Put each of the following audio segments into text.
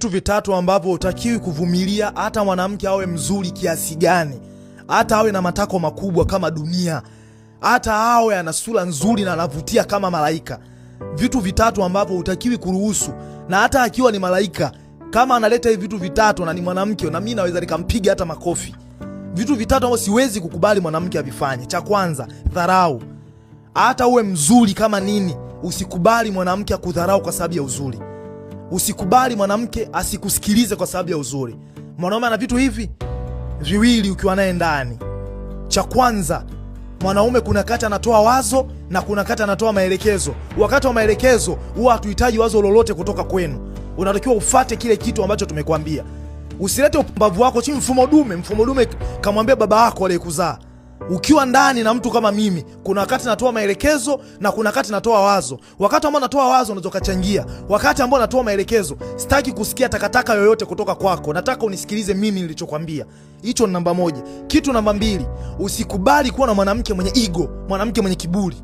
vitu vitatu ambavyo hutakiwi kuvumilia, hata mwanamke awe mzuri kiasi gani, hata awe na matako makubwa kama dunia, hata awe ana sura nzuri na anavutia kama malaika. Vitu vitatu ambavyo hutakiwi kuruhusu, na hata akiwa ni malaika kama analeta hivi vitu vitatu na ni mwanamke, na mimi naweza nikampiga hata makofi. Vitu vitatu ambavyo siwezi kukubali mwanamke avifanye. Cha kwanza, dharau. Hata uwe mzuri kama nini, usikubali mwanamke akudharau kwa sababu ya uzuri. Usikubali mwanamke asikusikilize kwa sababu ya uzuri. Mwanaume ana vitu hivi viwili ukiwa naye ndani. Cha kwanza, mwanaume kuna kati anatoa wazo na kuna kati anatoa maelekezo. Wakati wa maelekezo huwa hatuhitaji wazo lolote kutoka kwenu, unatakiwa ufate kile kitu ambacho tumekwambia Usilete upumbavu wako chini. Mfumo dume, mfumo dume kamwambia baba yako aliyekuzaa ukiwa ndani na mtu kama mimi, kuna wakati natoa maelekezo na kuna wakati natoa wazo. Wakati ambao natoa wazo unaweza ukachangia, wakati ambao natoa maelekezo sitaki kusikia takataka yoyote kutoka kwako, nataka unisikilize mimi nilichokwambia. Hicho ni namba moja. Kitu namba mbili, usikubali kuwa na mwanamke mwenye ego, mwanamke mwenye kiburi.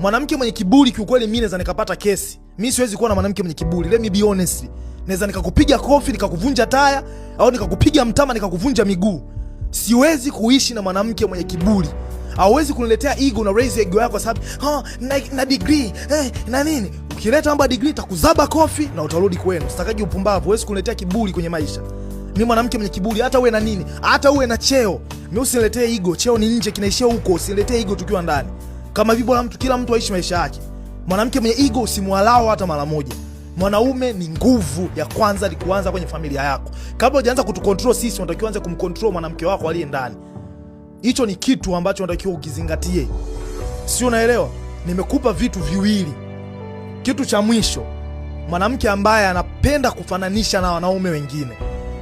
Mwanamke mwenye kiburi, kiukweli mimi naweza nikapata kesi. Mi siwezi kuwa na mwanamke mwenye kiburi, let me be honest. Naweza nikakupiga kofi nikakuvunja taya, au nikakupiga mtama nikakuvunja miguu. Siwezi kuishi na mwanamke mwenye kiburi. auwezi kuniletea ego na raise ego yako, sababu oh, na, na degree eh, na nini. Ukileta mambo ya degree takuzaba kofi na utarudi kwenu. Sitakaji upumbavu. Huwezi kuniletea kiburi kwenye maisha. Mimi mwanamke mwenye kiburi, hata uwe na nini, hata uwe na cheo, mimi usiniletee ego. Cheo ni nje, kinaishia huko. Usiniletee ego tukiwa ndani, kama vivyo la mtu, kila mtu aishi maisha yake. Mwanamke mwenye ego usimwalao hata mara moja. Mwanaume ni nguvu ya kwanza likuanza kwenye familia yako. Kabla ujaanza kutukontrol sisi, unatakiwa anze kumkontrol mwanamke wako aliye ndani. Hicho ni kitu ambacho unatakiwa ukizingatie, si unaelewa? Nimekupa vitu viwili. Kitu cha mwisho, mwanamke ambaye anapenda kufananisha na wanaume wengine.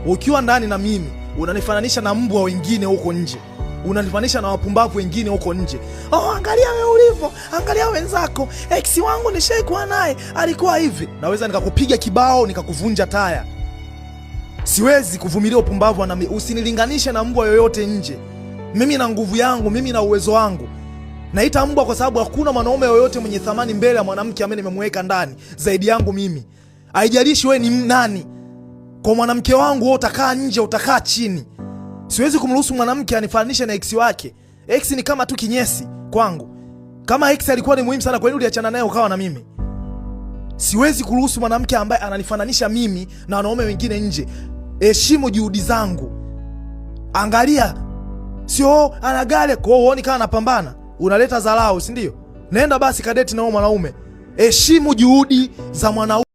Ukiwa ndani na mimi unanifananisha na mbwa wengine huko nje unalifanisha na wapumbavu wengine huko nje. Oh, angalia wewe ulivyo, angalia wenzako, ex eh, wangu nishaikuwa naye alikuwa hivi. Naweza nikakupiga kibao nikakuvunja taya. Siwezi kuvumilia upumbavu. Na usinilinganishe na mbwa yoyote nje. Mimi na nguvu yangu, mimi na uwezo wangu. Naita mbwa kwa sababu hakuna mwanaume yoyote mwenye thamani mbele ya mwanamke ambaye nimemweka ndani zaidi yangu mimi. Haijalishi wewe ni nani, kwa mwanamke wangu wewe utakaa nje, utakaa chini. Siwezi kumruhusu mwanamke anifananishe na ex wake. Ex ni kama tu kinyesi kwangu. Kama ex alikuwa ni muhimu sana, kwa nini uliachana naye ukawa na mimi? Siwezi kuruhusu mwanamke ambaye ananifananisha mimi na wanaume wengine nje. Heshimu juhudi zangu, angalia, sio ana gari kwa uone kama anapambana, unaleta dharau, si ndio? Nenda basi kadeti na huyo mwanaume, heshimu juhudi za mwanaume.